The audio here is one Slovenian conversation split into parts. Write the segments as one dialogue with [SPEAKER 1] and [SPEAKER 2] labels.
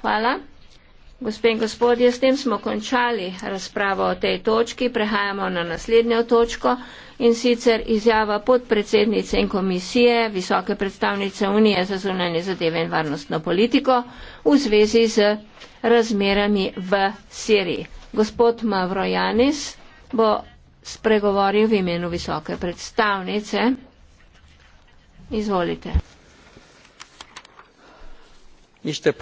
[SPEAKER 1] Hvala. Gospe in gospodje, s tem smo končali razpravo o tej točki. Prehajamo na naslednjo točko in sicer izjava podpredsednice in komisije Visoke predstavnice Unije za zunanje zadeve in varnostno politiko v zvezi z razmerami v Siriji. Gospod Mavrojanis bo spregovoril v imenu Visoke predstavnice. Izvolite
[SPEAKER 2] gospod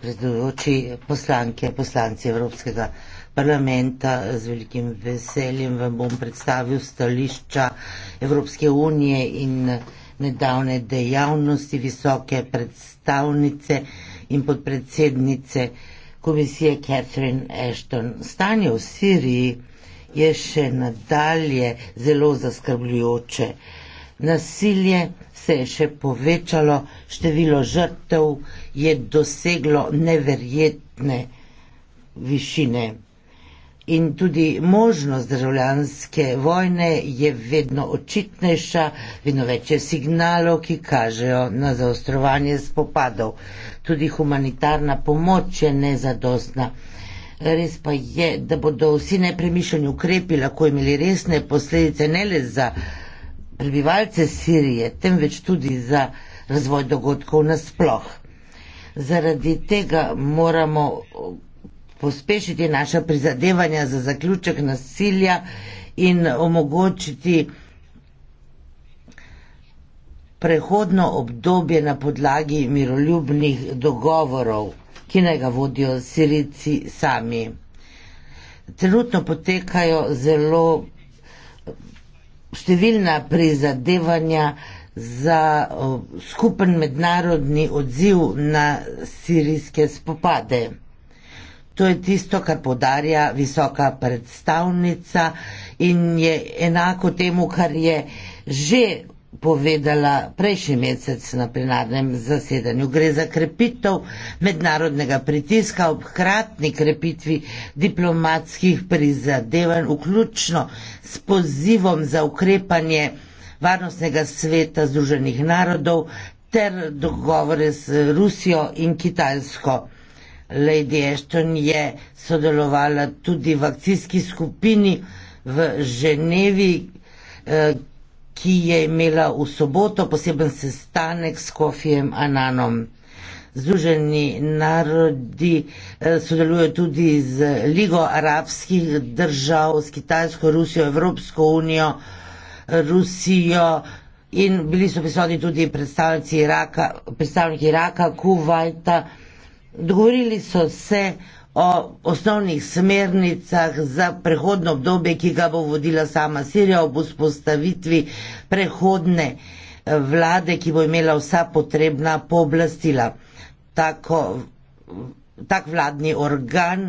[SPEAKER 2] predsedujoči poslanke poslanci evropskega parlamenta z velikim veseljem vam bom predstavil stališča evropske unije in nedavne dejavnosti visoke predstavnice in podpredsednice komisije Catherine Ashton. Stanje v Siriji je še nadalje zelo zaskrbljujoče nasilje se je še povečalo, število žrtev je doseglo neverjetne višine. In tudi možnost državljanske vojne je vedno očitnejša, vedno več je signalov, ki kažejo na zaostrovanje spopadov. Tudi humanitarna pomoč je nezadostna. Res pa je, da bodo vsi nepremišljeni ukrepi lahko imeli resne posledice ne le za prebivalce Sirije, temveč tudi za razvoj dogodkov nasploh. Zaradi tega moramo pospešiti naša prizadevanja za zaključek nasilja in omogočiti prehodno obdobje na podlagi miroljubnih dogovorov, ki naj ga vodijo Sirici sami. Trenutno potekajo zelo številna prizadevanja za skupen mednarodni odziv na sirijske spopade. To je tisto, kar podarja visoka predstavnica in je enako temu, kar je že povedala prejšnji mesec na plenarnem zasedanju. Gre za krepitev mednarodnega pritiska ob hkratni krepitvi diplomatskih prizadevanj, vključno s pozivom za ukrepanje Varnostnega sveta Združenih narodov ter dogovore z Rusijo in Kitajsko. Lady Ashton je sodelovala tudi v akcijski skupini v Ženevi, eh, ki je imela v soboto poseben sestanek s Kofijem Ananom. Združeni narodi eh, sodelujo tudi z Ligo arabskih držav, s Kitajsko, Rusijo, Evropsko unijo, Rusijo in bili so prisotni tudi predstavniki Iraka, predstavniki Iraka, Kuvajta. Dogovorili so se o osnovnih smernicah za prehodno obdobje, ki ga bo vodila sama Sirija ob vzpostavitvi prehodne eh, vlade, ki bo imela vsa potrebna pooblastila. Tako, tak vladni organ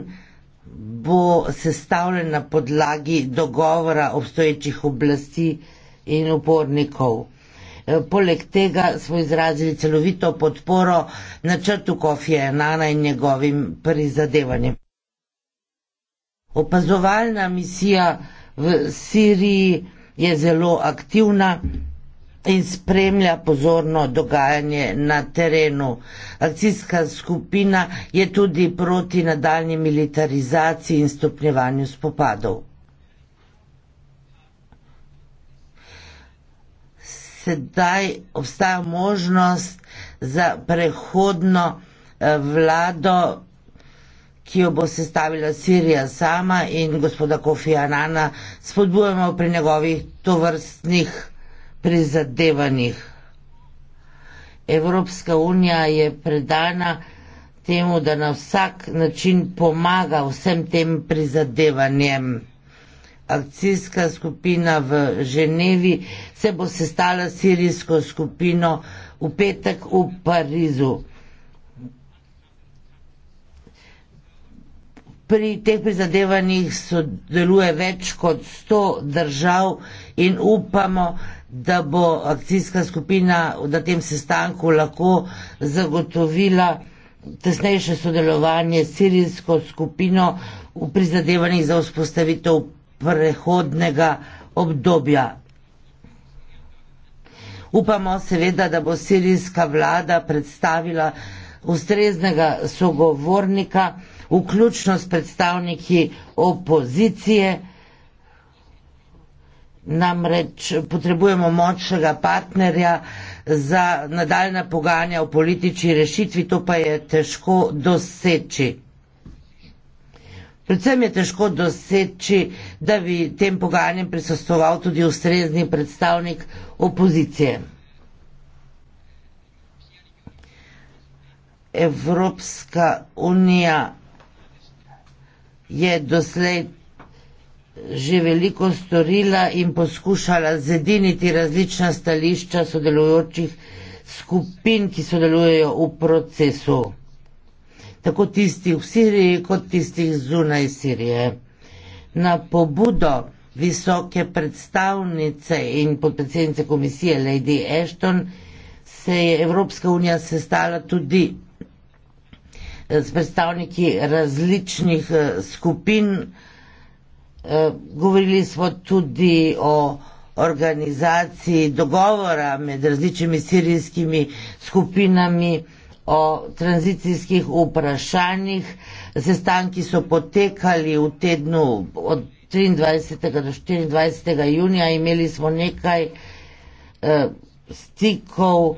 [SPEAKER 2] bo sestavljen na podlagi dogovora obstoječih oblasti in upornikov. Eh, poleg tega smo izrazili celovito podporo načrtu Kofije Nana in njegovim prizadevanjem. Opazovalna misija v Siriji je zelo aktivna in spremlja pozorno dogajanje na terenu. Akcijska skupina je tudi proti nadaljni militarizaciji in stopnjevanju spopadov. sedaj obstaja možnost za prehodno eh, vlado, ki jo bo sestavila Sirija sama in gospoda Kofi Anana spodbujamo pri njegovih tovrstnih prizadevanjih. Evropska unija je predana temu, da na vsak način pomaga vsem tem prizadevanjem akcijska skupina v Ženevi, se bo sestala sirijsko skupino v petek v Parizu. Pri teh prizadevanjih sodeluje več kot 100 držav in upamo, da bo akcijska skupina na tem sestanku lahko zagotovila tesnejše sodelovanje s sirijsko skupino v prizadevanjih za vzpostavitev prehodnega obdobja. Upamo seveda, da bo sirijska vlada predstavila ustreznega sogovornika, vključno s predstavniki opozicije, namreč potrebujemo močnega partnerja za nadaljna pogajanja o politični rešitvi, to pa je težko doseči. Predvsem je težko doseči, da bi tem pogajanjem prisostoval tudi ustrezni predstavnik opozicije. Evropska unija je doslej že veliko storila in poskušala zediniti različna stališča sodelujočih skupin, ki sodelujejo v procesu tako tistih v Siriji, kot tistih zunaj Sirije. Na pobudo visoke predstavnice in podpredsednice komisije Lady Ashton se je Evropska unija sestala tudi eh, s predstavniki različnih eh, skupin. Eh, govorili smo tudi o organizaciji dogovora med različnimi sirijskimi skupinami o tranzicijskih vprašanjih. Sestanki so potekali v tednu od 23. do 24. junija, imeli smo nekaj eh, stikov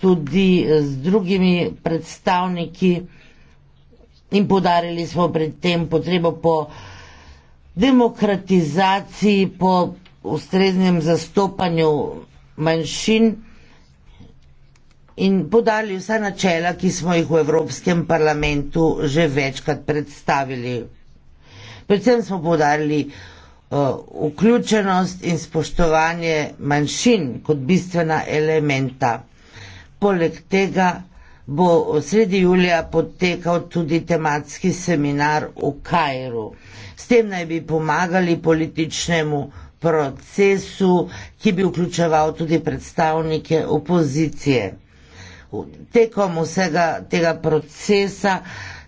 [SPEAKER 2] tudi z drugimi predstavniki in podarili smo pred tem potrebo po demokratizaciji, po ustreznem zastopanju manjšin in podali vsa načela, ki smo jih v Evropskem parlamentu že večkrat predstavili. Predvsem smo podarili uh, vključenost in spoštovanje manjšin kot bistvena elementa. Poleg tega bo sredi julija potekal tudi tematski seminar v Kajru. S tem naj bi pomagali političnemu procesu, ki bi vključeval tudi predstavnike opozicije tekom vsega tega procesa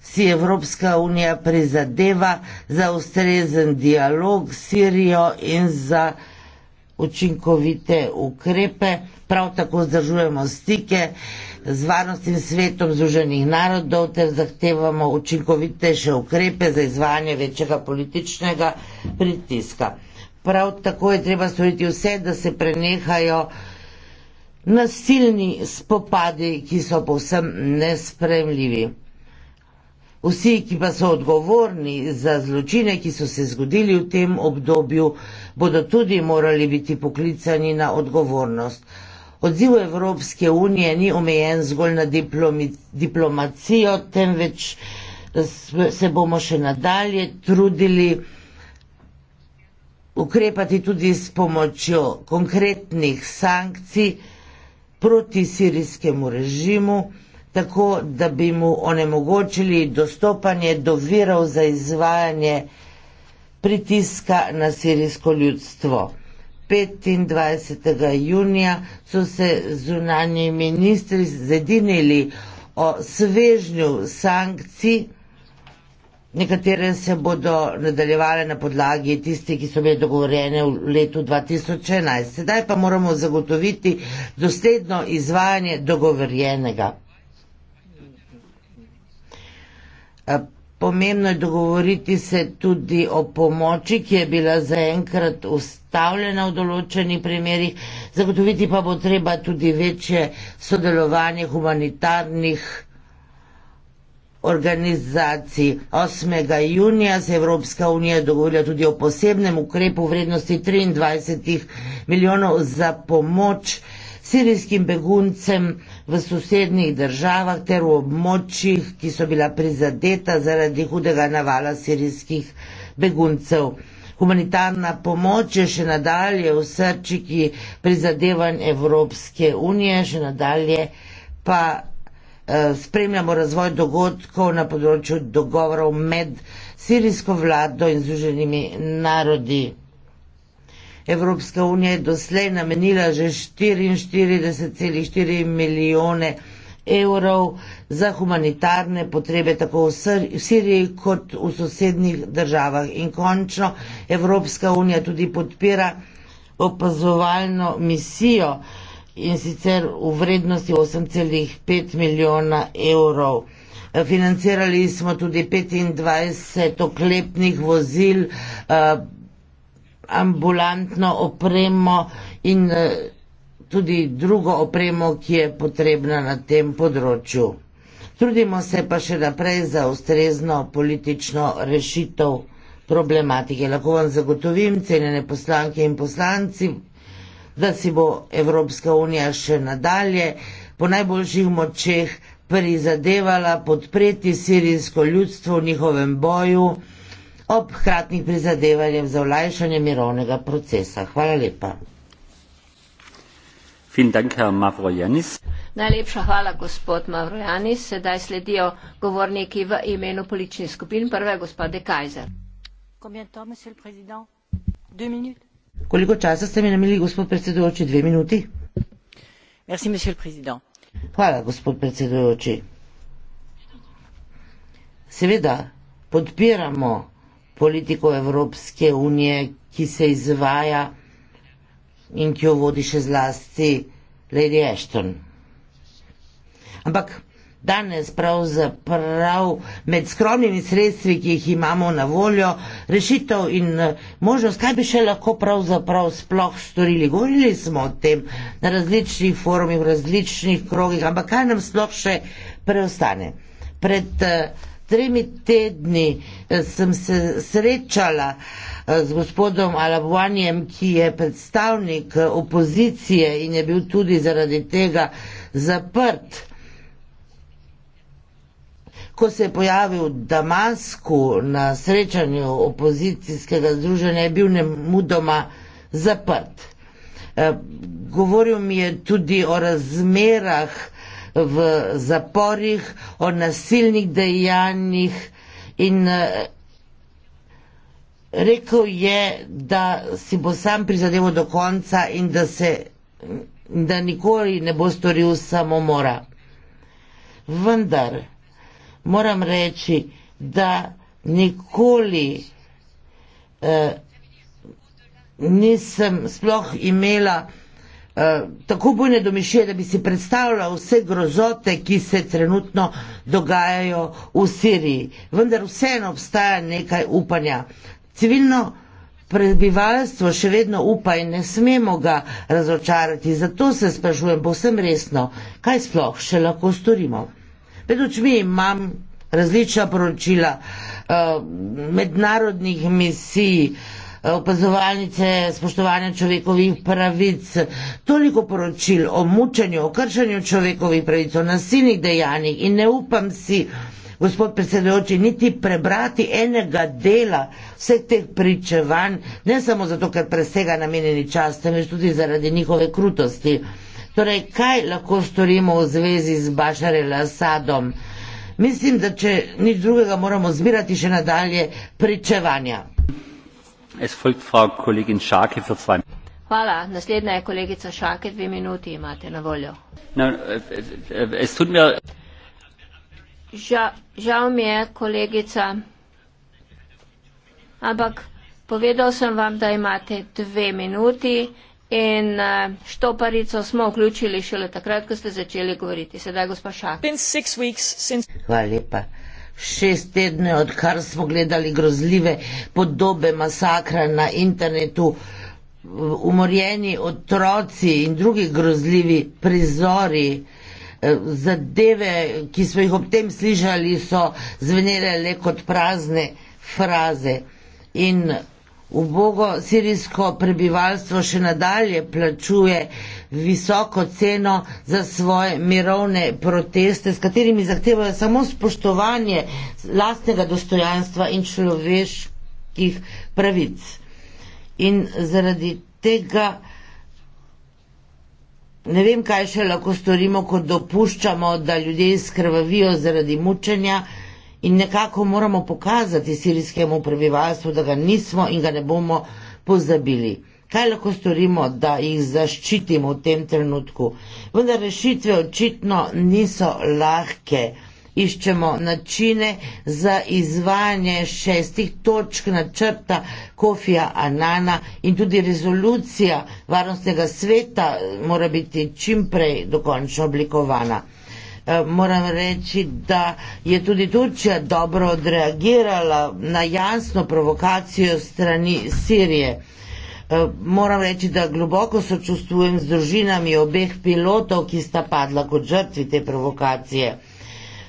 [SPEAKER 2] si Evropska unija prizadeva za ustrezen dialog s Sirijo in za učinkovite ukrepe. Prav tako zdržujemo stike z varnostnim svetom Združenih narodov ter zahtevamo učinkovitejše ukrepe za izvajanje večjega političnega pritiska. Prav tako je treba storiti vse, da se prenehajo nasilni spopadi, ki so povsem nespremljivi. Vsi, ki pa so odgovorni za zločine, ki so se zgodili v tem obdobju, bodo tudi morali biti poklicani na odgovornost. Odziv Evropske unije ni omejen zgolj na diplomacijo, temveč se bomo še nadalje trudili ukrepati tudi s pomočjo konkretnih sankcij, proti sirijskemu režimu, tako da bi mu onemogočili dostopanje do virov za izvajanje pritiska na sirijsko ljudstvo. 25. junija so se zunanji ministri zedinili o svežnju sankcij, Nekatere se bodo nadaljevale na podlagi tiste, ki so bile dogovorjene v letu 2011. Sedaj pa moramo zagotoviti dosledno izvajanje dogovorjenega. Eh, pomembno je dogovoriti se tudi o pomoči, ki je bila zaenkrat ustavljena v določenih primerjih. Zagotoviti pa bo treba tudi večje sodelovanje humanitarnih organizacij organizaciji. 8. junija se Evropska unija dogovorila tudi o posebnem ukrepu vrednosti 23 milijonov za pomoč sirijskim beguncem v sosednjih državah ter v območjih, ki so bila prizadeta zaradi hudega navala sirijskih beguncev. Humanitarna pomoč je še nadalje v srčiki prizadevanj Evropske unije, še nadalje pa Eh, spremljamo razvoj dogodkov na področju dogovorov med sirijsko vlado in združenimi narodi. Evropska unija je doslej namenila že 44,4 milijone evrov za humanitarne potrebe tako v, Sir v Siriji kot v sosednjih državah. In končno Evropska unija tudi podpira opazovalno misijo uh, in sicer v vrednosti 8,5 milijona evrov. Financirali smo tudi 25 oklepnih vozil, eh, ambulantno opremo in eh, tudi drugo opremo, ki je potrebna na tem področju. Trudimo se pa še naprej za ustrezno politično rešitev problematike. Lahko vam zagotovim, cenjene poslanke in poslanci, da si bo Evropska unija še nadalje po najboljših močeh prizadevala podpreti sirijsko ljudstvo v njihovem boju ob hkratnih prizadevanjem za olajšanje mirovnega procesa. Hvala lepa. Dank,
[SPEAKER 1] Najlepša hvala, gospod Mavrojanis. Sedaj sledijo govorniki v imenu političnih skupin. Prva je gospod De Kajzer.
[SPEAKER 2] Koliko časa ste mi namili, gospod predsedujoči? Dve minuti. Merci, monsieur le président. Hvala, gospod predsedujoči. Seveda podpiramo politiko Evropske unije, ki se izvaja in ki jo vodi še zlasti Lady Ashton. Ampak danes pravzaprav med skromnimi sredstvi, ki jih imamo na voljo, rešitev in eh, možnost, kaj bi še lahko pravzaprav sploh storili. Govorili smo o tem na različnih forumih, v različnih krogih, ampak kaj nam sploh še preostane. Pred eh, tremi tedni eh, sem se srečala z gospodom Alabuanjem, ki je predstavnik opozicije in je bil tudi zaradi tega zaprt ko se je pojavil v Damasku na srečanju opozicijskega združenja, je bil ne mudoma zaprt. Eh, govoril mi je tudi o razmerah v zaporih, o nasilnih dejanjih in eh, rekel je, da si bo sam prizadeval do konca in da se da nikoli ne bo storil samomora. Vendar moram reči, da nikoli eh, nisem sploh imela eh, tako bujne domišlje, da bi si predstavljala vse grozote, ki se trenutno dogajajo v Siriji. Vendar vseeno obstaja nekaj upanja. Civilno prebivalstvo še vedno upa in ne smemo ga razočarati. Zato se sprašujem povsem resno, kaj sploh še lahko storimo. Med očmi imam različna poročila, eh, mednarodnih misij, eh, opazovalnice spoštovanja človekovih pravic, toliko poročil o mučenju, o kršenju človekovih pravic, o nasilnih dejanjih in ne upam si, gospod predsedujoči, niti prebrati enega dela vseh teh pričevanj, ne samo zato, ker presega namenjeni čas, temveč tudi zaradi njihove krutosti. Torej, kaj lahko storimo v zvezi z Bašarjem Asadom? Mislim, da če nič drugega, moramo zbirati še nadalje pričevanja.
[SPEAKER 1] Hvala. Naslednja je kolegica Šake, dve minuti imate na voljo.
[SPEAKER 2] No, eh, eh,
[SPEAKER 1] Ža, žal mi je, kolegica, ampak povedal sem vam, da imate dve minuti. In uh, eh, štoparico smo vključili šele takrat, ko ste začeli govoriti. Sedaj, gospa Šah. Since...
[SPEAKER 2] Hvala lepa. Šest tednov, odkar smo gledali grozljive podobe masakra na internetu, umorjeni otroci in drugi grozljivi prizori. Eh, zadeve, ki smo jih ob tem slišali, so zvenele le kot prazne fraze. In ubogo sirijsko prebivalstvo še nadalje plačuje visoko ceno za svoje mirovne proteste, s katerimi zahtevajo samo spoštovanje lastnega dostojanstva in človeških pravic. In zaradi tega ne vem, kaj še lahko storimo, ko dopuščamo, da ljudje skrvavijo zaradi mučenja, in nekako moramo pokazati sirijskemu prebivalstvu, da ga nismo in ga ne bomo pozabili. Kaj lahko storimo, da jih zaščitimo v tem trenutku? Vendar rešitve očitno niso lahke. Iščemo načine za izvajanje šestih točk načrta Kofija Anana in tudi rezolucija varnostnega sveta mora biti čimprej dokončno oblikovana. Eh, moram reči, da je tudi Turčija dobro odreagirala na jasno provokacijo strani Sirije. Eh, moram reči, da globoko sočustvujem z družinami obeh pilotov, ki sta padla kot žrtvi te provokacije.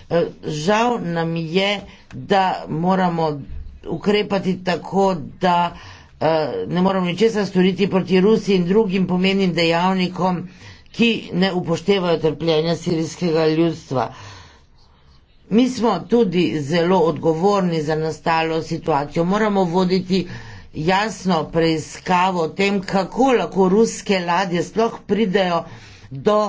[SPEAKER 2] Eh, žal nam je, da moramo ukrepati tako, da ne moramo ničesar storiti proti Rusiji in drugim pomenim dejavnikom, ki ne upoštevajo trpljenja sirijskega ljudstva. Mi smo tudi zelo odgovorni za nastalo situacijo. Moramo voditi jasno preiskavo o tem, kako lahko ruske ladje sploh pridejo do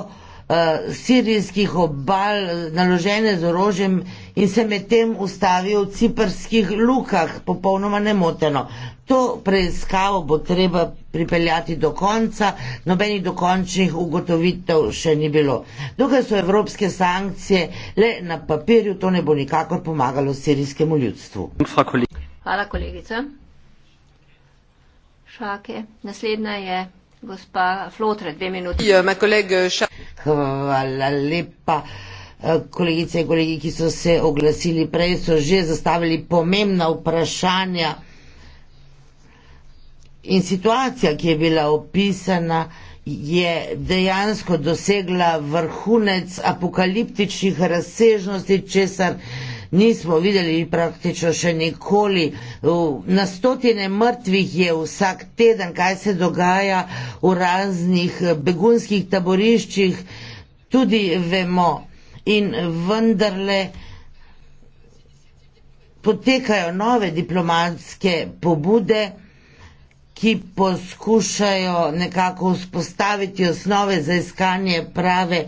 [SPEAKER 2] Eh, sirijskih obal, naložene z orožjem in se medtem ustavijo v ciprskih lukah, popolnoma nemoteno. To preiskavo bo treba pripeljati do konca, nobenih dokončnih ugotovitev še ni bilo. Dokaj so evropske sankcije le na papirju, to ne bo nikakor pomagalo sirijskemu ljudstvu.
[SPEAKER 1] Hvala, kolegica. Šake. Naslednja je Gospa Flotre, dve minuti. Ja,
[SPEAKER 2] ša... Hvala lepa. Kolegice in kolegi, ki so se oglasili prej, so že zastavili pomembna vprašanja. In situacija, ki je bila opisana, je dejansko dosegla vrhunec apokaliptičnih razsežnosti, česar. Uh, nismo videli praktično še nikoli. Na stotine mrtvih je vsak teden, kaj se dogaja v raznih begunskih taboriščih, tudi vemo. In vendarle potekajo nove diplomatske pobude ki poskušajo nekako vzpostaviti osnove za iskanje prave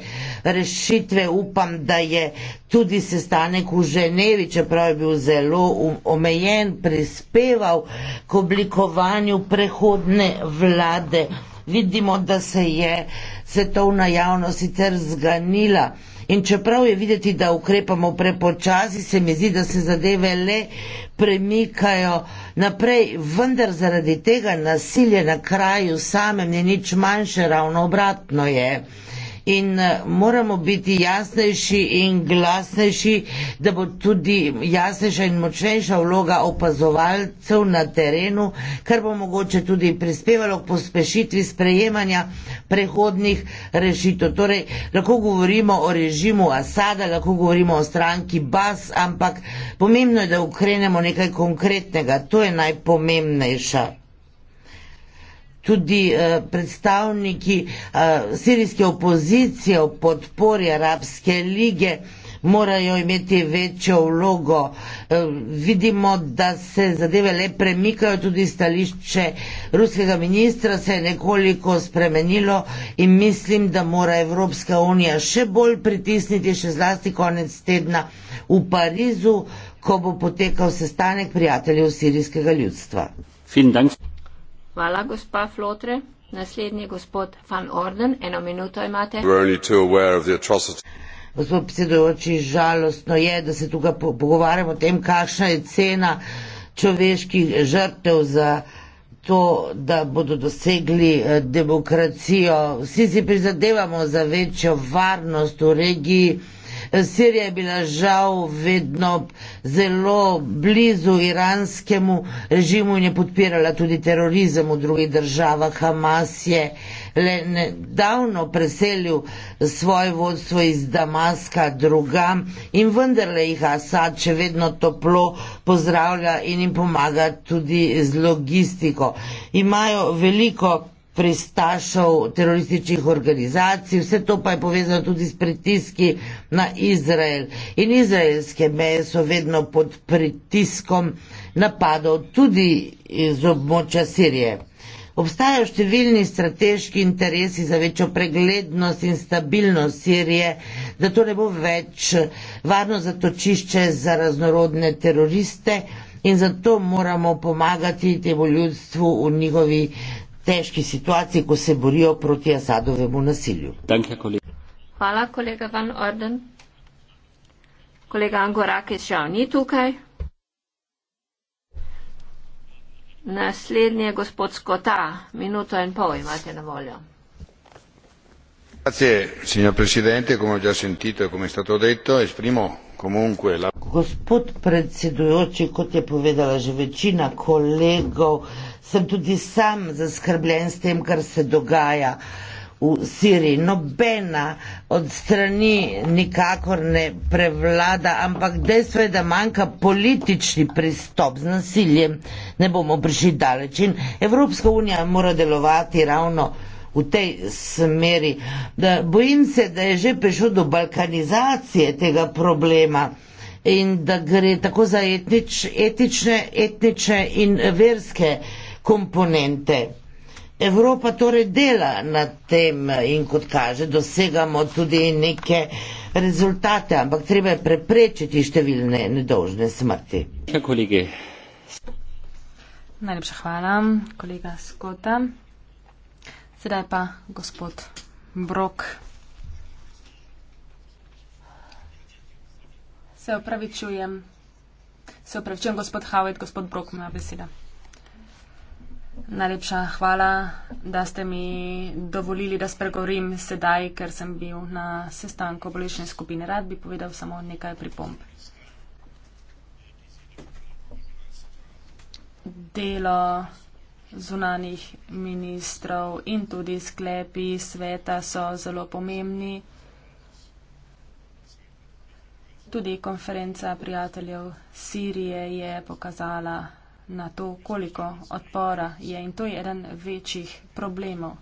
[SPEAKER 2] rešitve. Upam, da je tudi sestanek v Ženevi, čeprav je bil zelo um, omejen, prispeval k oblikovanju prehodne vlade. Vidimo, da se je svetovna javnost sicer zganila. In čeprav je videti, da ukrepamo prepočasi, se mi zdi, da se zadeve le premikajo naprej, vendar zaradi tega nasilje na kraju samem ni nič manjše, ravno obratno je in eh, moramo biti jasnejši in glasnejši, da bo tudi jasnejša in močnejša vloga opazovalcev na terenu, kar bo mogoče tudi prispevalo k pospešitvi sprejemanja prehodnih rešitev. Torej, lahko govorimo o režimu Asada, lahko govorimo o stranki Bas, ampak pomembno je, da ukrenemo nekaj konkretnega. To je najpomembnejša tudi eh, predstavniki eh, sirijske opozicije v podpori Arabske lige morajo imeti večjo vlogo. Eh, vidimo, da se zadeve le premikajo, tudi stališče ruskega ministra se je nekoliko spremenilo in mislim, da mora Evropska unija še bolj pritisniti, še zlasti konec tedna v Parizu, ko bo potekal sestanek prijateljev sirijskega ljudstva. Vielen Dank.
[SPEAKER 1] Hvala, gospa Flotre. Naslednji je gospod Van Orden. Eno minuto imate.
[SPEAKER 2] Gospod predsedujoči, žalostno je, da se tukaj pogovarjamo o tem, kakšna je cena človeških žrtev za to, da bodo dosegli eh, demokracijo. Vsi si prizadevamo za večjo varnost v regiji. Sirija je bila žal vedno zelo blizu iranskemu režimu in je podpirala tudi terorizem v drugih državah. Hamas je le nedavno preselil svoje vodstvo iz Damaska drugam in vendarle jih Asad še vedno toplo pozdravlja in jim pomaga tudi z logistiko. Imajo veliko pristašov terorističnih organizacij, vse to pa je povezano tudi s pritiski na Izrael. In izraelske meje so vedno pod pritiskom napadov tudi iz območja Sirije. Obstajajo številni strateški interesi za večjo preglednost in stabilnost Sirije, da to ne bo več varno zatočišče za raznorodne teroriste in zato moramo pomagati temu ljudstvu v njihovi težki situaciji, ko se borijo proti Asadovemu nasilju. Danke, kolega.
[SPEAKER 1] Hvala, kolega Van Orden. Kolega Angorakis žal ni tukaj. Naslednji je gospod Skota. Minuto in pol imate na voljo. Grazie, signor Presidente, come ho già sentito e come è stato detto, esprimo comunque la... Gospod
[SPEAKER 2] predsedujoči, kot je povedala že večina kolegov, sem tudi sam zaskrbljen s tem, kar se dogaja v Siriji. Nobena od strani nikakor ne prevlada, ampak dejstvo je, da manjka politični pristop z nasiljem, ne bomo prišli daleč. In Evropska unija mora delovati ravno v tej smeri. Da, bojim se, da je že prišlo do balkanizacije tega problema in da gre tako za etnič, etične, etnične in verske komponente. Evropa torej dela na tem in kot kaže, dosegamo tudi neke rezultate, ampak treba je preprečiti številne nedolžne smrti. Ja,
[SPEAKER 3] Najlepša hvala, kolega Skota. Sedaj pa gospod Brok. Se opravičujem. Se opravičujem, gospod Howard, gospod Brok ima besedo. Najlepša hvala, da ste mi dovolili, da spregovorim sedaj, ker sem bil na sestanku bolečne skupine. Rad bi povedal samo nekaj pripomb. Delo zunanih ministrov in tudi sklepi sveta so zelo pomembni. Tudi konferenca prijateljev Sirije je pokazala na to, koliko odpora je in to je eden večjih problemov.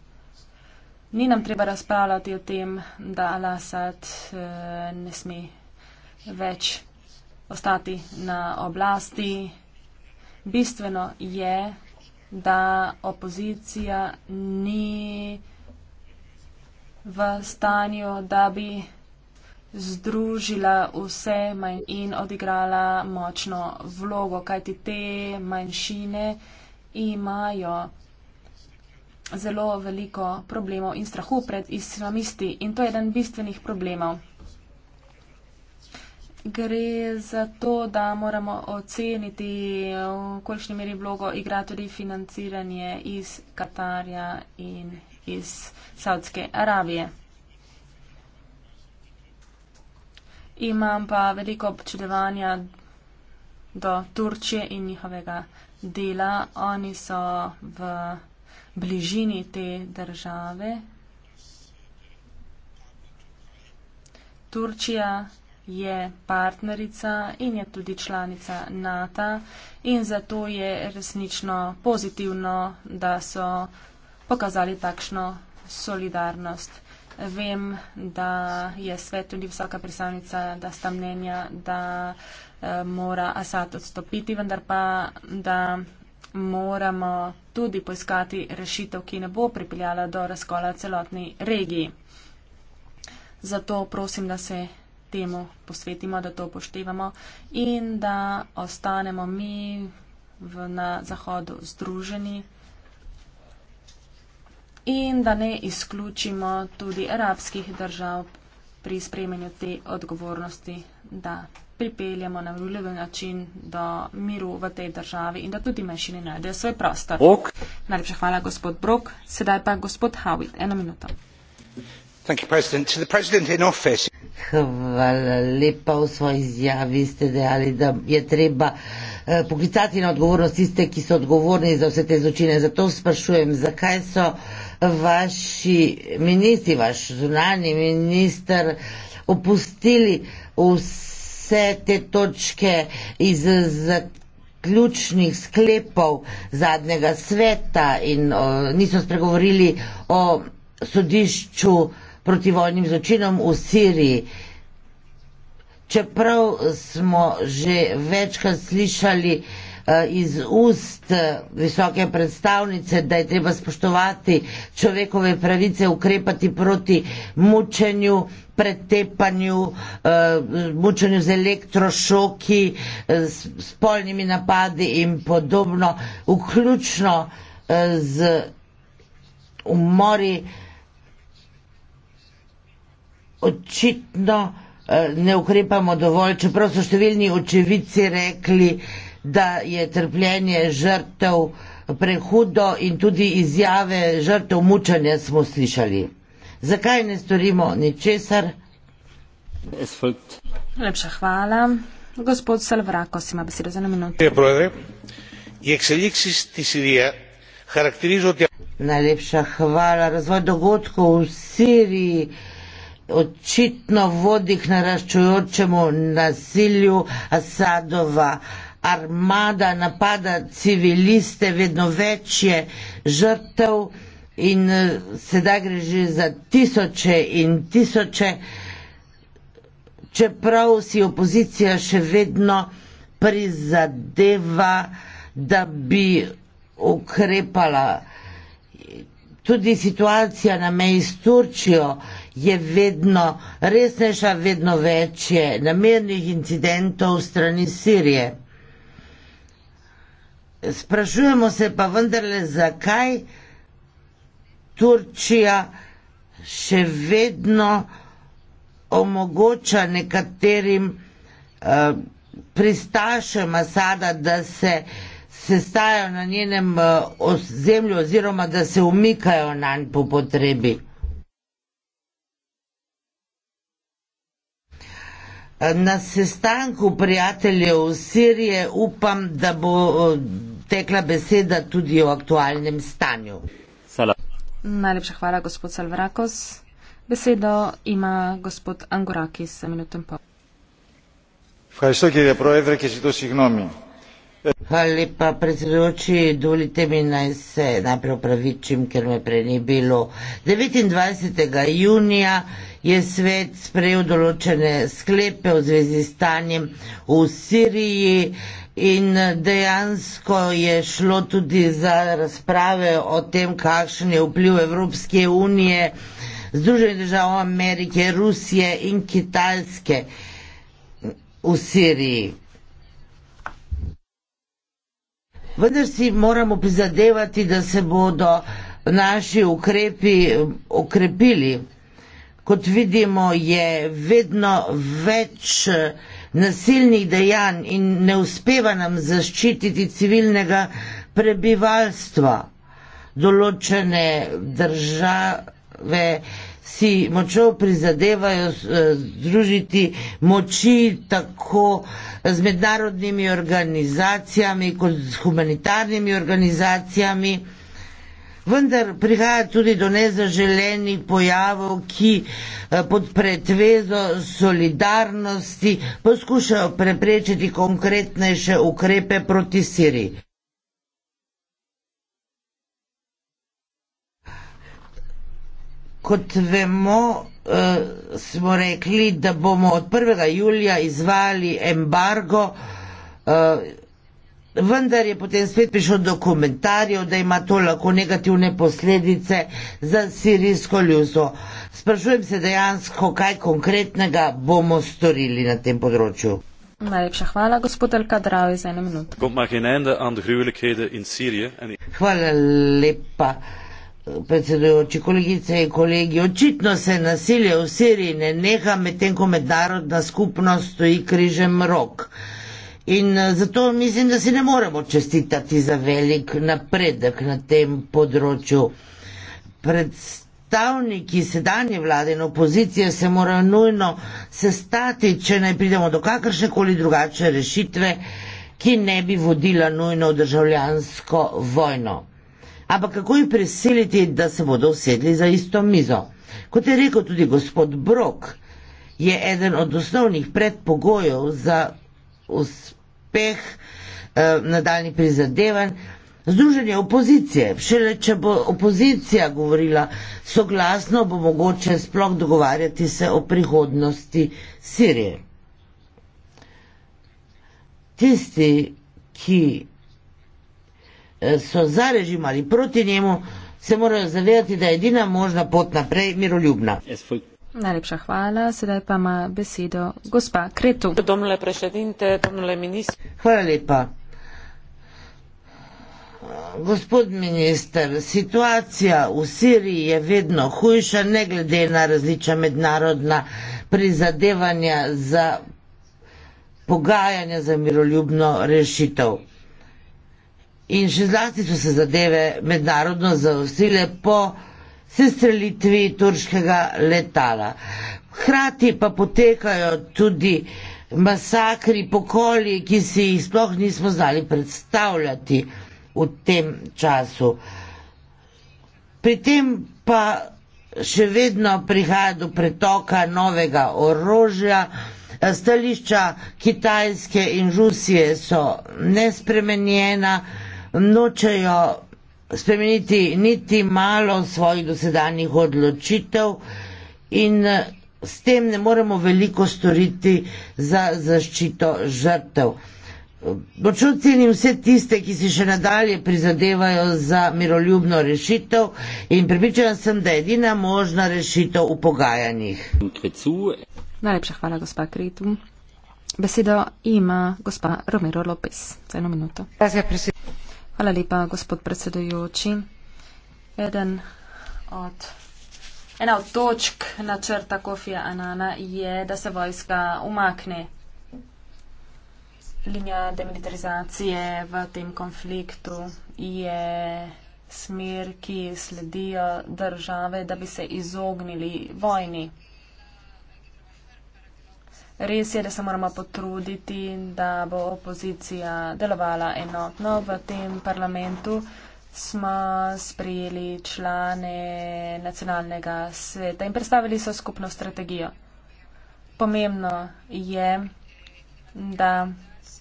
[SPEAKER 3] Ni nam treba razpravljati o tem, da Al-Assad eh, ne sme več ostati na oblasti. Bistveno je, da opozicija ni v stanju, da bi združila vse manj in odigrala močno vlogo, kajti te manjšine imajo zelo veliko problemov in strahu pred islamisti in to je eden bistvenih problemov. Gre za to, da moramo oceniti, v kolikšni meri vlogo igra tudi financiranje iz Katarja in iz Saudske Arabije. imam pa veliko občudovanja do Turčije in njihovega dela. Oni so v bližini te države. Turčija je partnerica in je tudi članica NATO in zato je resnično pozitivno, da so pokazali takšno solidarnost. Vem, da je svet tudi visoka predstavnica, da sta mnenja, da eh, mora Asad odstopiti, vendar pa, da moramo tudi poiskati rešitev, ki ne bo pripeljala do razkola celotni regiji. Zato prosim, da se temu posvetimo, da to upoštevamo in da ostanemo mi v, na Zahodu združeni in da ne izključimo tudi arabskih držav pri spremenju te odgovornosti, da pripeljemo na vljuben način do miru v tej državi in da tudi manjšine najdejo svoj prostor. Ok. Najlepša hvala, gospod Brok. Sedaj pa gospod Howitt. Eno minuto.
[SPEAKER 2] Hvala lepa. V svoji izjavi ste dejali, da je treba eh, poklicati na odgovornost tiste, ki so odgovorni za vse te zločine. Zato sprašujem, zakaj so vaši ministri, vaš zunani minister opustili vse te točke iz zaključnih sklepov zadnjega sveta in o, niso spregovorili o sodišču proti vojnim zločinom v Siriji. Čeprav smo že večkrat slišali, Eh, iz ust eh, visoke predstavnice, da je treba spoštovati človekove pravice, ukrepati proti mučenju, pretepanju, eh, mučenju z elektrošoki, spolnimi napadi in podobno, vključno z umori, očitno ne ukrepamo dovolj, čeprav so številni očevici rekli, da je trpljenje žrtev prehudo in tudi izjave žrtev mučanja smo slišali. Zakaj ne storimo ničesar?
[SPEAKER 3] Lepša hvala. Gospod Salvrako, si ima besedo za eno minuto.
[SPEAKER 2] Najlepša hvala. Razvoj dogodkov v Siriji očitno vodi k naraščujočemu nasilju Asadova armada napada civiliste, vedno več je žrtev in eh, sedaj gre že za tisoče in tisoče. Čeprav si opozicija še vedno prizadeva, da bi ukrepala. Tudi situacija na meji s Turčijo je vedno resnejša, vedno več je namernih incidentov strani Sirije. Sprašujemo se pa vendarle, zakaj Turčija še vedno omogoča nekaterim eh, pristašem Asada, da se sestajajo na njenem eh, ozemlju oziroma da se umikajo na nj po potrebi. Eh, na sestanku prijateljev Sirije upam, da bo tekla beseda tudi o aktualnem stanju.
[SPEAKER 3] Salam. Najlepša hvala, gospod Salvrakos. Besedo ima gospod Angurakis, minuto in pol.
[SPEAKER 2] Hvala lepa, predsedujoči. Dovolite mi naj se najprej opravičim, ker me prej ni bilo. 29. junija je svet sprejel določene sklepe v zvezi s stanjem v Siriji in dejansko je šlo tudi za razprave o tem, kakšen je vpliv Evropske unije, Združenih držav Amerike, Rusije in Kitajske v Siriji. Vendar si moramo prizadevati, da se bodo naši ukrepi okrepili. Kot vidimo, je vedno več eh, nasilnih dejanj in ne uspeva nam zaščititi civilnega prebivalstva določene države si močno prizadevajo eh, združiti moči tako z mednarodnimi organizacijami kot z humanitarnimi organizacijami. Vendar prihaja tudi do nezaželenih pojavov, ki eh, pod pretvezo solidarnosti poskušajo preprečiti konkretnejše ukrepe proti Siriji. Kot vemo, eh, smo rekli, da bomo od 1. julija izvali embargo, eh, vendar je potem spet prišel do komentarjev, da ima to lahko negativne posledice za sirijsko ljudstvo. Sprašujem se dejansko, kaj konkretnega bomo storili na tem področju.
[SPEAKER 3] Najlepša hvala, gospod Elkadrav, za eno minuto. Hvala lepa
[SPEAKER 2] predsedujoči kolegice in kolegi. Očitno se nasilje v Siriji ne neha, medtem ko mednarodna skupnost stoji križem rok. In eh, zato mislim, da si ne moremo čestitati za velik napredek na tem področju. Predstavniki sedanje vlade in opozicije se morajo nujno sestati, če ne pridemo do kakršne koli drugačne rešitve, ki ne bi vodila nujno v državljansko vojno. Ampak kako jih presiliti, da se bodo usedli za isto mizo? Kot je rekel tudi gospod Brok, je eden od osnovnih predpogojev za uspeh eh, nadaljni prizadevanj združenje opozicije. Šele, če bo opozicija govorila soglasno, bo mogoče sploh dogovarjati se o prihodnosti Sirije. Tisti, ki so za režim ali proti njemu, se morajo zavedati, da je edina možna pot naprej miroljubna.
[SPEAKER 3] Najlepša hvala, sedaj pa ima besedo gospa
[SPEAKER 2] Kretu. Hvala lepa. Gospod minister, situacija v Siriji je vedno hujša, ne glede na različna mednarodna prizadevanja za pogajanja za miroljubno rešitev. In še zlasti so se zadeve mednarodno zaostrile po sestrelitvi turškega letala. Hrati pa potekajo tudi masakri, pokoli, ki si jih sploh nismo znali predstavljati v tem času. Pri tem pa še vedno prihaja do pretoka novega orožja, stališča Kitajske in Rusije so nespremenjena nočejo spremeniti niti malo svojih dosedanjih odločitev in eh, s tem ne moremo veliko storiti za zaščito žrtev. Počutim in vse tiste, ki si še nadalje prizadevajo za miroljubno rešitev in pripričana sem, da je edina možna rešitev v pogajanjih.
[SPEAKER 3] Najlepša hvala, gospa Kretu. Besedo ima gospa Romero Lopez. Za eno minuto. Gracias, Hvala lepa, gospod predsedujoči. Eden od. Ena od točk načrta Kofija Anana je, da se vojska umakne linija demilitarizacije v tem konfliktu je smer, ki sledijo države, da bi se izognili vojni. Res je, da se moramo potruditi, da bo opozicija delovala enotno. V tem parlamentu smo sprejeli člane nacionalnega sveta in predstavili so skupno strategijo. Pomembno je, da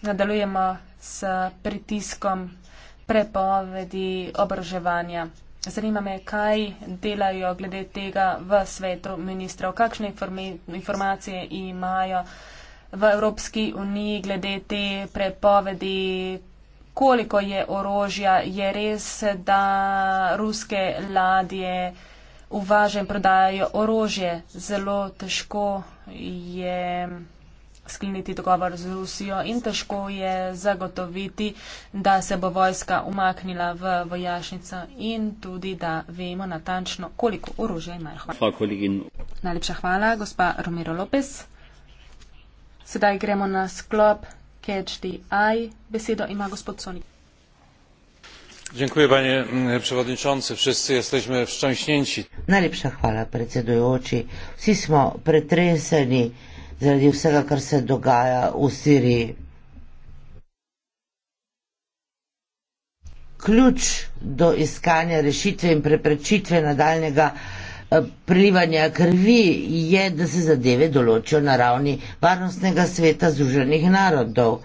[SPEAKER 3] nadaljujemo s pritiskom prepovedi obroževanja. Zanima me, kaj delajo glede tega v svetu ministrov, kakšne informacije imajo v Evropski uniji glede te prepovedi, koliko je orožja, je res, da ruske ladje uvažen prodajajo orožje, zelo težko je skliniti dogovor z Rusijo in težko je zagotoviti, da se bo vojska umaknila v vojašnico in tudi, da vemo natančno, koliko orožja imajo. Hvala, kolegin. Najlepša hvala, gospa Romero Lopes. Sedaj gremo na sklop Catch the Eye. Besedo ima gospod Sonik.
[SPEAKER 2] Dziękuję panie przewodniczący. Wszyscy jesteśmy wstrząśnięci. Najlepsza chwała, przewodniczący. Wszyscy są przetrzęsieni zaradi vsega, kar se dogaja v Siriji. Ključ do iskanja rešitve in preprečitve nadaljnega eh, prilivanja krvi je, da se zadeve določijo na ravni Varnostnega sveta Združenih narodov.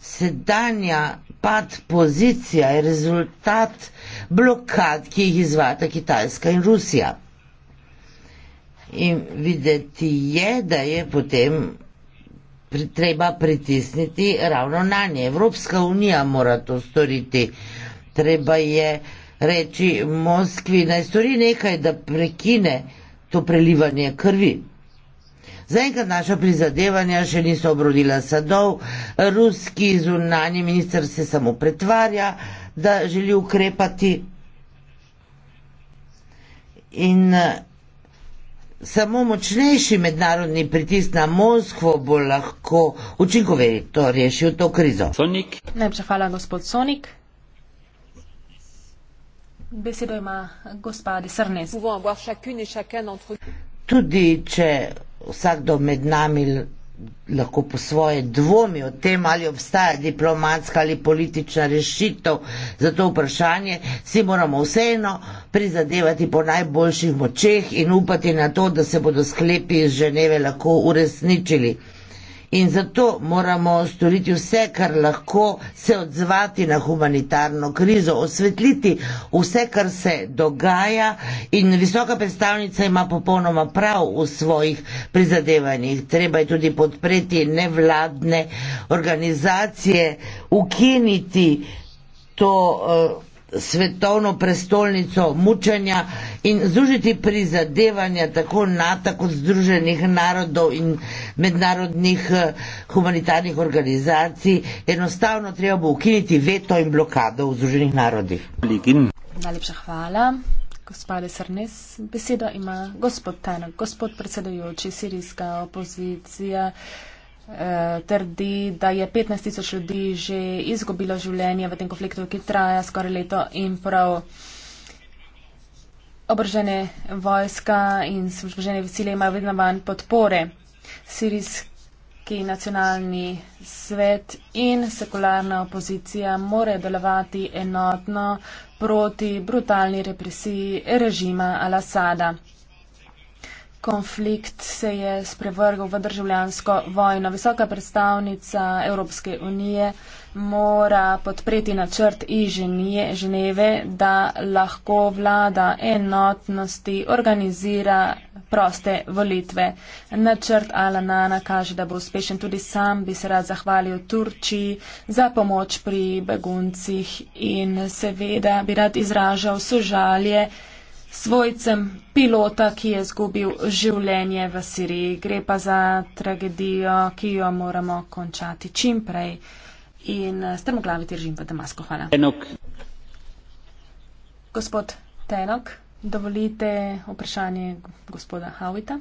[SPEAKER 2] Sedanja pad pozicija je rezultat blokad, ki jih izvata Kitajska in Rusija in videti je, da je potem pri, treba pritisniti ravno na nje. Evropska unija mora to storiti. Treba je reči Moskvi, naj stori nekaj, da prekine to prelivanje krvi. Zaenkrat naša prizadevanja še niso obrodila sadov, ruski zunani minister se samo pretvarja, da želi ukrepati. In samo močnejši mednarodni pritisk na Moskvo bo lahko učinkovito rešil to krizo. Sonik.
[SPEAKER 3] Najlepša hvala, gospod Sonik. Besedo ima gospod Srnes.
[SPEAKER 2] Tudi če vsakdo med nami lahko po svoje dvomi o tem, ali obstaja diplomatska ali politična rešitev za to vprašanje, si moramo vseeno prizadevati po najboljših močeh in upati na to, da se bodo sklepi iz Ženeve lahko uresničili in zato moramo storiti vse, kar lahko, se odzvati na humanitarno krizo, osvetliti vse, kar se dogaja in visoka predstavnica ima popolnoma prav v svojih prizadevanjih. Treba je tudi podpreti nevladne organizacije, ukiniti to. Uh, svetovno prestolnico mučanja in zužiti prizadevanja tako NATO kot Združenih narodov in mednarodnih eh, humanitarnih organizacij. Enostavno treba bo ukiniti veto in blokado v Združenih narodih.
[SPEAKER 3] Najlepša hvala. Gospode Srnes, besedo ima gospod Tanak, gospod predsedujoči, sirijska opozicija. Eh, trdi, da je 15 tisoč ljudi že izgubilo življenje v tem konfliktu, ki traja skoraj leto in prav obržene vojska in obržene sile imajo vedno manj podpore. Sirijski nacionalni svet in sekularna opozicija morajo delovati enotno proti brutalni represiji režima Al-Asada konflikt se je sprevrgal v državljansko vojno. Visoka predstavnica Evropske unije mora podpreti načrt iz Ženije, Ženeve, da lahko vlada enotnosti organizira proste volitve. Načrt Alanana kaže, da bo uspešen. Tudi sam bi se rad zahvalil Turčiji za pomoč pri beguncih in seveda bi rad izražal sožalje svojcem pilota, ki je zgubil življenje v Siriji. Gre pa za tragedijo, ki jo moramo končati čim prej. In eh, strmoglavi držim v Damasko. Hvala. Tenok. Gospod Tenok, dovolite vprašanje gospoda Havita.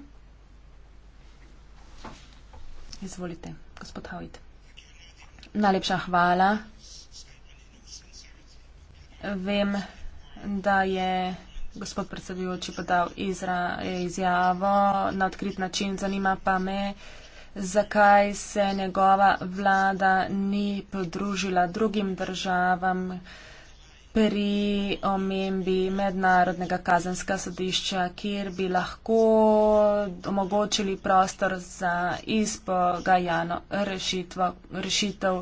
[SPEAKER 3] Izvolite, gospod Havit. Najlepša hvala. Vem, da je gospod predsedujoči podal izjavo na odkrit način. Zanima pa me, zakaj se njegova vlada ni podružila drugim državam pri omembi mednarodnega kazenska sodišča, kjer bi lahko omogočili prostor za izpogajano rešitev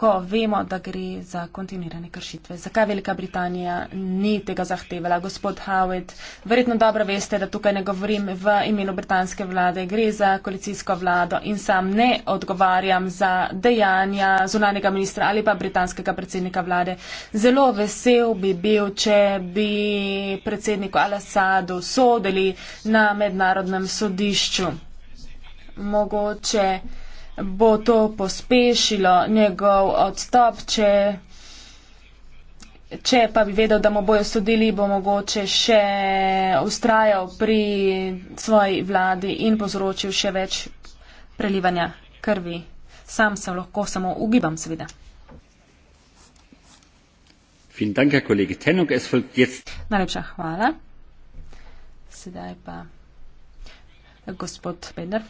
[SPEAKER 3] ko vemo, da gre za kontinuirane kršitve. Zakaj Velika Britanija ni tega zahtevala? Gospod Howard, verjetno dobro veste, da tukaj ne govorim v imenu britanske vlade, gre za koalicijsko vlado in sam ne odgovarjam za dejanja zunanega ministra ali pa britanskega predsednika vlade. Zelo vesel bi bil, če bi predsedniku Al-Assadu sodili na mednarodnem sodišču. Mogoče bo to pospešilo njegov odstop, če, če pa bi vedel, da mu bojo sodili, bo mogoče še ustrajal pri svoji vladi in povzročil še več prelivanja krvi. Sam se lahko samo ugibam, seveda. Najlepša hvala. Sedaj pa gospod Pedr.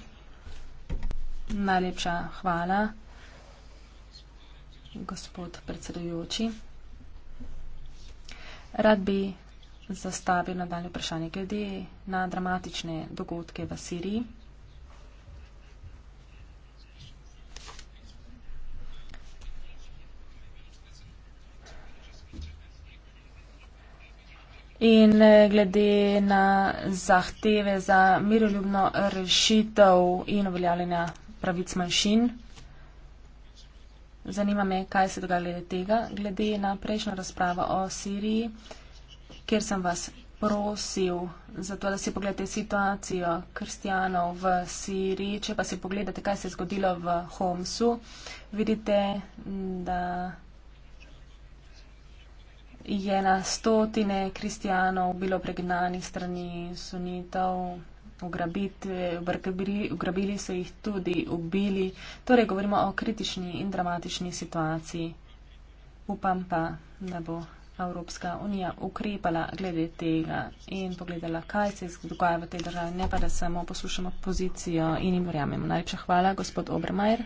[SPEAKER 3] Najlepša hvala, gospod predsedujoči. Rad bi zastavil nadalje vprašanje glede na dramatične dogodke v Siriji. In eh, glede na zahteve za miroljubno rešitev in uveljavljanja pravic manjšin. Zanima me, kaj se dogaja glede tega, glede na prejšnjo razpravo o Siriji, kjer sem vas prosil za to, da si pogledate situacijo kristjanov v Siriji. Če pa si pogledate, kaj se je zgodilo v Homsu, vidite, da je na stotine kristjanov bilo pregnanih strani sunitev, ugrabili so jih tudi, ubili. Torej govorimo o kritični in dramatični situaciji. Upam pa, da bo Evropska unija ukrepala glede tega in pogledala, kaj se dogaja v tej državi, ne pa, da samo poslušamo pozicijo in jim verjamemo. Najlepša hvala, gospod Obermajer.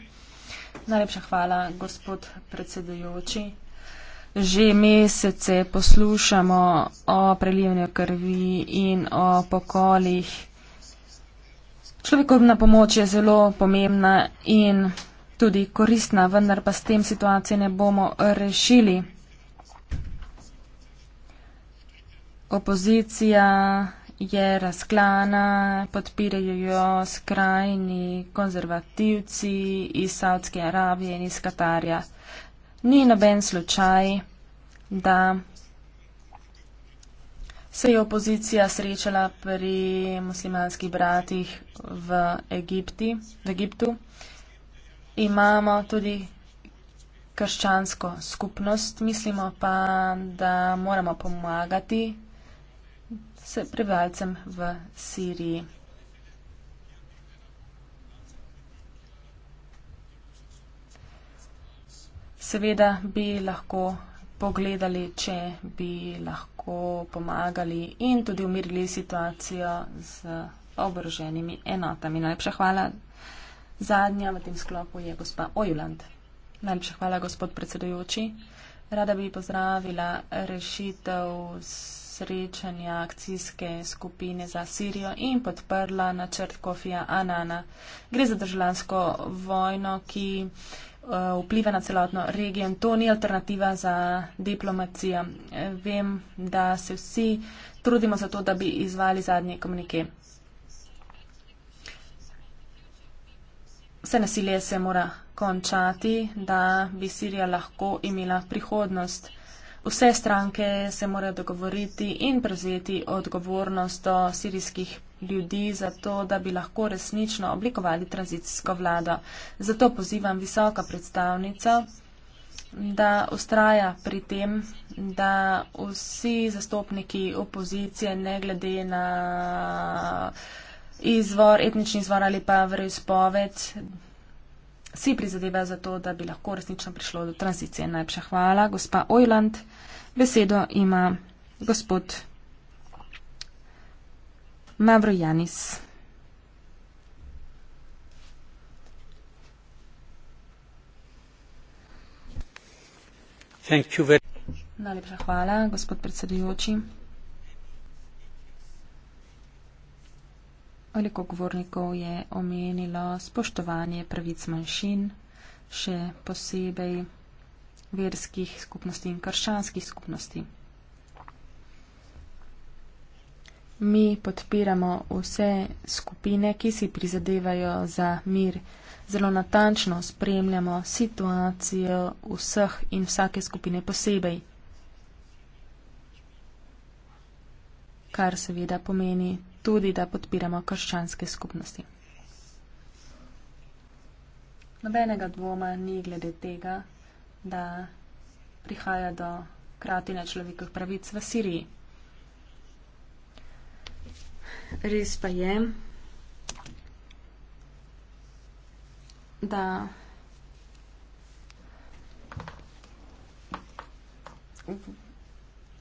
[SPEAKER 3] Najlepša hvala, gospod predsedujoči. Že mesece poslušamo o prelivanju krvi in o pokolih. Človekovna pomoč je zelo pomembna in tudi koristna, vendar pa s tem situacije ne bomo rešili. Opozicija je razklana, podpirajo jo skrajni konzervativci iz Saudske Arabije in iz Katarja. Ni noben slučaj, da se je opozicija srečala pri muslimanskih bratih v, Egipti, v Egiptu. Imamo tudi krščansko skupnost, mislimo pa, da moramo pomagati se prebivalcem v Siriji. Seveda bi lahko pogledali, če bi lahko pomagali in tudi umirili situacijo z oboroženimi enotami. Najlepša hvala. Zadnja v tem sklopu je gospa Ojuland. Najlepša hvala, gospod predsedujoči. Rada bi pozdravila rešitev srečanja akcijske skupine za Sirijo in podprla načrt Kofija Anana. Gre za državljansko vojno, ki Eh, vpliva na celotno regijo in to ni alternativa za diplomacijo. Eh, vem, da se vsi trudimo za to, da bi izvali zadnje komunike. Vse nasilje se mora končati, da bi Sirija lahko imela prihodnost. Vse stranke se morajo dogovoriti in prevzeti odgovornost do sirijskih ljudi za to, da bi lahko resnično oblikovali tranzicijsko vlado. Zato pozivam visoka predstavnica, da ustraja pri tem, da vsi zastopniki opozicije, ne glede na izvor, etnični izvor ali pa verjuspoved, si prizadeva za to, da bi lahko resnično prišlo do tranzicije. Najprej hvala, gospa Ojland. Besedo ima gospod. Mavrojanis. Najlepša hvala, gospod predsedujoči. Veliko govornikov je omenilo spoštovanje pravic manjšin, še posebej verskih skupnosti in krščanskih skupnosti. mi podpiramo vse skupine, ki si prizadevajo za mir. Zelo natančno spremljamo situacijo vseh in vsake skupine posebej. Kar seveda pomeni tudi, da podpiramo krščanske skupnosti. Nobenega dvoma ni glede tega, da prihaja do kratine človekovih pravic v Siriji. Res pa je, da,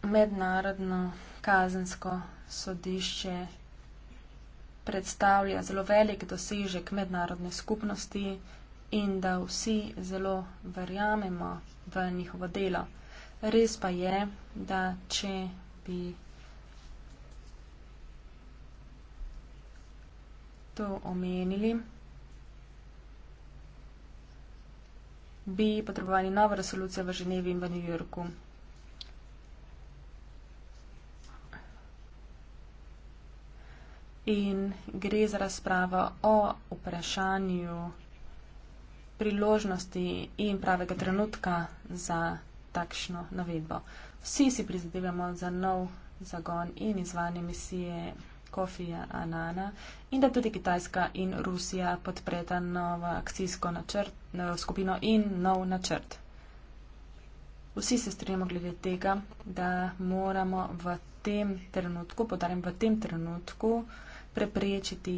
[SPEAKER 3] Mednarodno kazensko sodišče predstavlja zelo velik dosežek mednarodne skupnosti in da vsi zelo verjamemo v njihovo delo. Res pa je, da če bi to omenili, bi potrebovali novo resolucijo v Ženevi in v New Yorku. In gre za razpravo o vprašanju priložnosti in pravega trenutka za takšno navedbo. Vsi si prizadevamo za nov zagon in izvanje misije Kofija Anana in da tudi Kitajska in Rusija podpreta novo akcijsko načrt, novo eh, skupino in nov načrt. Vsi se strinjamo glede tega, da moramo v tem trenutku, podarim v tem trenutku, preprečiti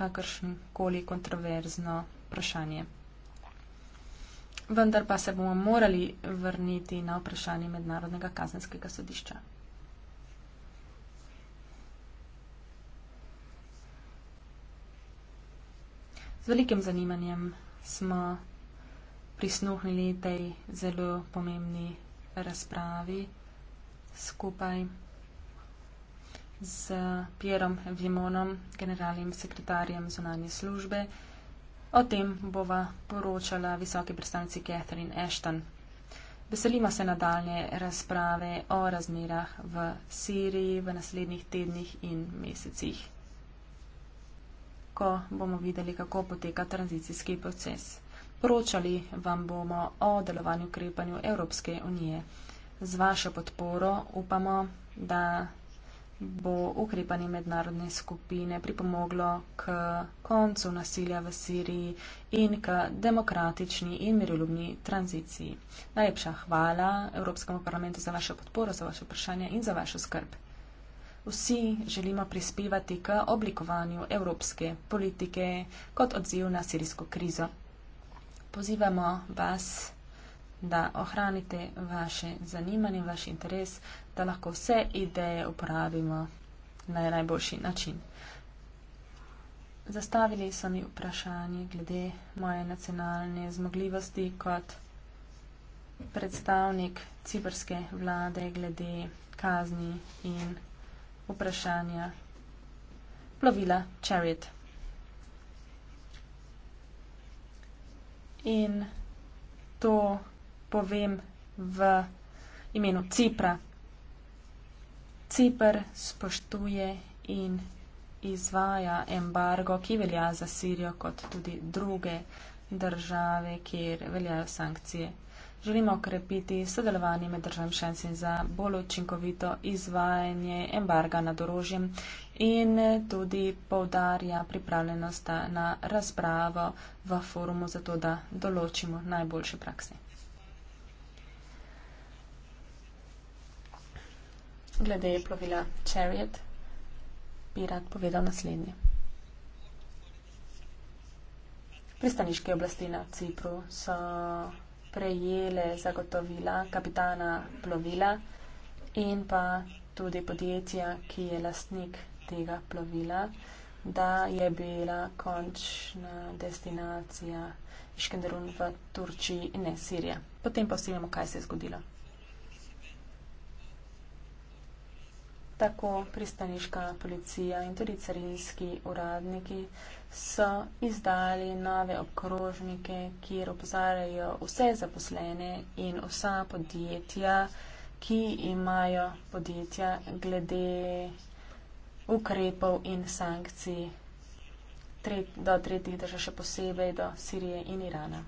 [SPEAKER 3] kakršnokoli kontroverzno vprašanje. Vendar pa se bomo morali vrniti na vprašanje mednarodnega kazenskega sodišča. Z velikim zanimanjem smo prisluhnili tej zelo pomembni razpravi skupaj z Pierom Vimonom, generalnim sekretarjem zunanje službe. O tem bova poročala visoki predstavnici Catherine Ashton. Veselimo se nadaljne razprave o razmerah v Siriji v naslednjih tednih in mesecih kratko bomo videli, kako poteka tranzicijski proces. Poročali vam bomo o delovanju ukrepanju Evropske unije. Z vašo podporo upamo, da bo ukrepanje mednarodne skupine pripomoglo k koncu nasilja v Siriji in k demokratični in miroljubni tranziciji. Najlepša hvala Evropskemu parlamentu za vašo podporo, za vaše vprašanje in za vašo skrb. Vsi želimo prispevati k oblikovanju evropske politike kot odziv na sirijsko krizo. Pozivamo vas, da ohranite vaše zanimanje, vaš interes, da lahko vse ideje uporabimo na najboljši način. Zastavili so mi vprašanje glede moje nacionalne zmogljivosti kot predstavnik ciberske vlade glede kazni in vprašanja. Plovila Chariot. In to povem v imenu Cipra. Cipr spoštuje in izvaja embargo, ki velja za Sirijo, kot tudi druge države, kjer veljajo sankcije Želimo okrepiti sodelovanje med državami šencem za bolj učinkovito izvajanje embarga nad orožjem in tudi povdarja pripravljenost na razpravo v forumu, zato da določimo najboljše prakse. Glede je plovila Chariot, bi rad povedal naslednje. Pristaniške oblasti na Cipru so prejele zagotovila kapitana plovila in pa tudi podjetja, ki je lastnik tega plovila, da je bila končna destinacija Iškenderun v Turčiji in ne Sirija. Potem pa vsi vemo, kaj se je zgodilo. Tako pristaniška policija in tudi carinski uradniki so izdali nove okrožnike, kjer opozarjajo vse zaposlene in vsa podjetja, ki imajo podjetja glede ukrepov in sankcij do tretjih držav, še posebej do Sirije in Irana.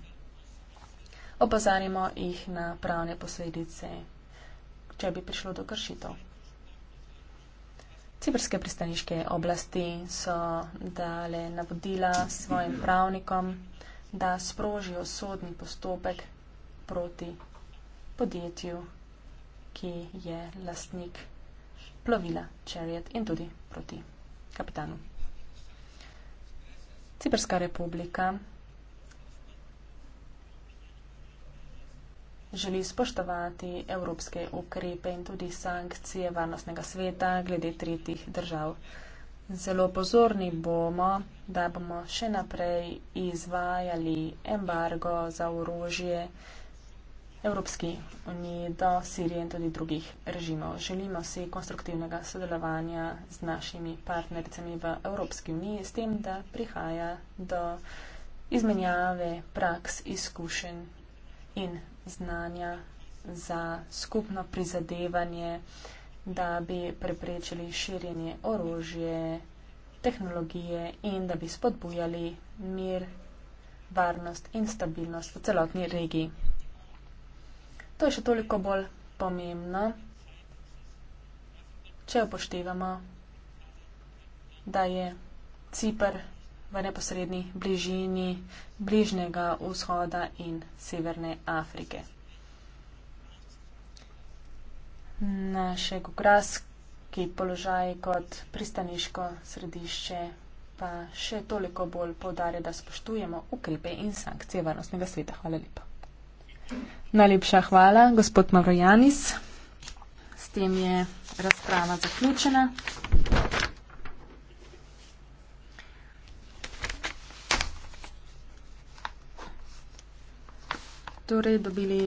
[SPEAKER 3] Opozarjamo jih na pravne posledice, če bi prišlo do kršitev. Ciprske pristaniške oblasti so dale navodila svojim pravnikom, da sprožijo sodni postopek proti podjetju, ki je lastnik plovila Chariot in tudi proti kapitanu. Ciprska republika želi spoštovati evropske ukrepe in tudi sankcije varnostnega sveta glede tretjih držav. Zelo pozorni bomo, da bomo še naprej izvajali embargo za orožje Evropski uniji do Sirije in tudi drugih režimov. Želimo si konstruktivnega sodelovanja z našimi partnericami v Evropski uniji, s tem, da prihaja do izmenjave praks, izkušenj in znanja za skupno prizadevanje, da bi preprečili širjenje orožje, tehnologije in da bi spodbujali mir, varnost in stabilnost v celotni regiji. To je še toliko bolj pomembno, če upoštevamo, da je Cipr v neposredni bližini Bližnjega vzhoda in Severne Afrike. Naš geografski položaj kot pristaniško središče pa še toliko bolj povdarja, da spoštujemo ukrepe in sankcije varnostnega sveta. Hvala lepa. Najlepša hvala, gospod Mavrojanis. S tem je razprava zaključena. torej dobili